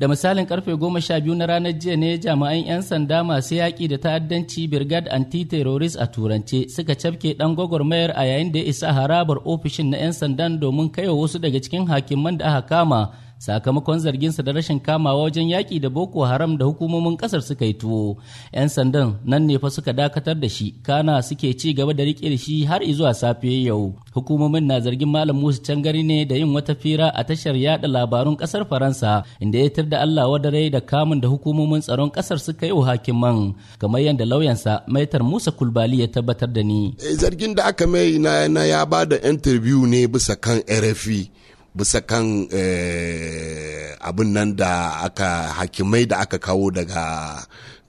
da misalin karfe 12 na ranar jiya ne jami'an 'yan sanda masu yaƙi da ta'addanci brigade anti-terrorist a turance suka cafke dan gwagwarmayar a yayin da ya isa harabar ofishin na 'yan sandan domin kaiwa wasu daga cikin hakiman da aka kama sakamakon zarginsa da rashin kamawa wajen yaƙi da boko haram da hukumomin ƙasar suka yi tuwo 'yan sandan nan ne fa suka dakatar da shi kana suke ci gaba da riƙe da shi har zuwa safe yau hukumomin na zargin malam musu cangari ne da yin wata fira a tashar yada labarun ƙasar faransa inda ya tar da allah wadare da kamun da hukumomin tsaron ƙasar suka yi wa hakiman kamar yadda lauyansa maitar musa kulbali ya tabbatar da ni eh, zargin da aka mai na ya ba da interview ne bisa kan rfi bisa kan eh, abin nan da aka hakimai da aka kawo daga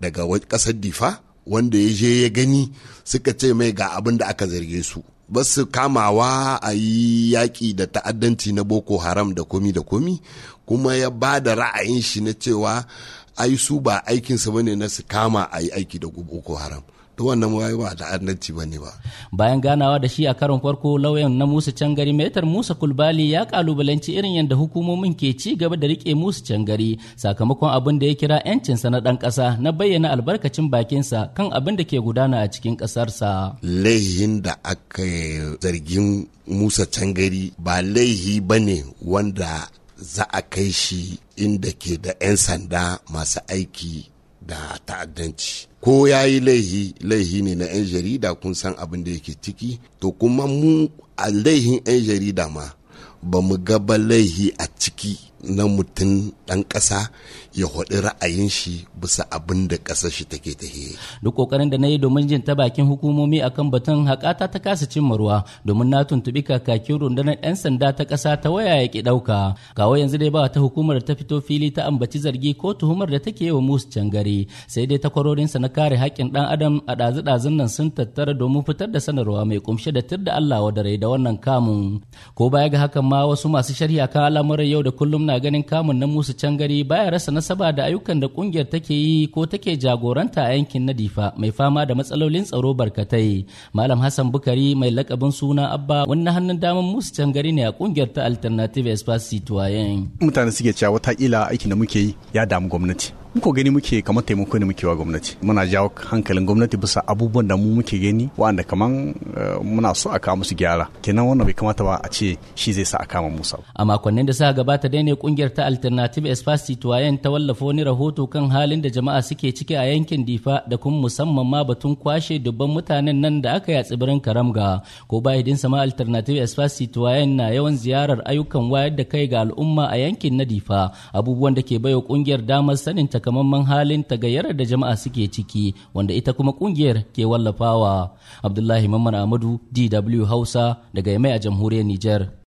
daga kasar difa wanda ya je ya gani suka ce mai ga abin da aka zarge su ba su kamawa a yi yaƙi da ta'addanci na boko haram da komi da komi kuma ya ba da ra'ayin shi na cewa ai su ba aikinsa bane na su kama a yi aiki da boko haram wannan wayo ba da annabci ba ne ba. Bayan ganawa da shi a karon farko lauyan na Musa Cangari Metar Musa Kulbali ya kalubalanci irin yadda hukumomin ke ci gaba da rike Musa Cangari sakamakon abin da ya kira 'yancinsa na ɗan ƙasa na bayyana albarkacin bakinsa kan abin da ke gudana a cikin ƙasarsa. Laihin da aka zargin Musa Cangari ba laihi ba ne wanda za a kai shi inda ke da 'yan sanda masu aiki da ta'addanci ko ya yi laihi laihi ne na 'yan jarida kun san abin da yake ciki to kuma mu a laihin 'yan jarida ma ba mu gaba laihi a ciki na mutum ɗan ƙasa ya hudu ra'ayin shi bisa abin da ƙasar shi take he Duk ƙoƙarin da na yi domin jin ta bakin hukumomi akan batun haƙata ta kasa cimma ruwa domin na tuntuɓi kakakin rundunar 'yan sanda ta ƙasa ta waya ya ki ɗauka. Kawo yanzu dai ba ta hukumar ta fito fili ta ambaci zargi ko tuhumar da take yi wa Musa cangare sai dai takwarorinsa na kare haƙƙin ɗan adam a ɗazu-ɗazun nan sun tattara domin fitar da sanarwa mai ƙumshe da tir da Allah wa da wannan kamun. Ko baya ga hakan ma wasu masu sharhi akan al'amuran yau da kullum na ganin kamun na musu can gari baya rasa nasaba da ayyukan da kungiyar take yi ko take jagoranta a yankin nadifa mai fama da matsalolin tsaro barkatai malam hassan bukari mai lakabin suna abba wannan hannun daman musu can gari ne a kungiyar ta alternative espace citoyen mutane suke cewa wata kila aikin da muke yi ya damu gwamnati ko gani muke kamar taimako ne muke wa gwamnati muna jawo hankalin gwamnati bisa abubuwan da mu muke gani wanda kaman eh, muna so a kawo musu gyara kenan wannan bai kamata ba a ce shi zai sa a kama musa a makonnin da suka gabata dai ne kungiyar ta alternative espace citoyen ta wallafa wani rahoto kan halin da jama'a suke ciki a yankin difa da kuma musamman ma batun kwashe dubban mutanen nan da aka yi a tsibirin karamga ko ba idin sama alternative espace citoyen na yawan ziyarar ayyukan wayar da kai ga al'umma a yankin na difa abubuwan da ke baiwa kungiyar damar sanin ta takamaiman halin tagayyar da jama'a suke ciki wanda ita kuma kungiyar ke wallafawa abdullahi mamman amadu dw hausa daga mai a jamhuriyar niger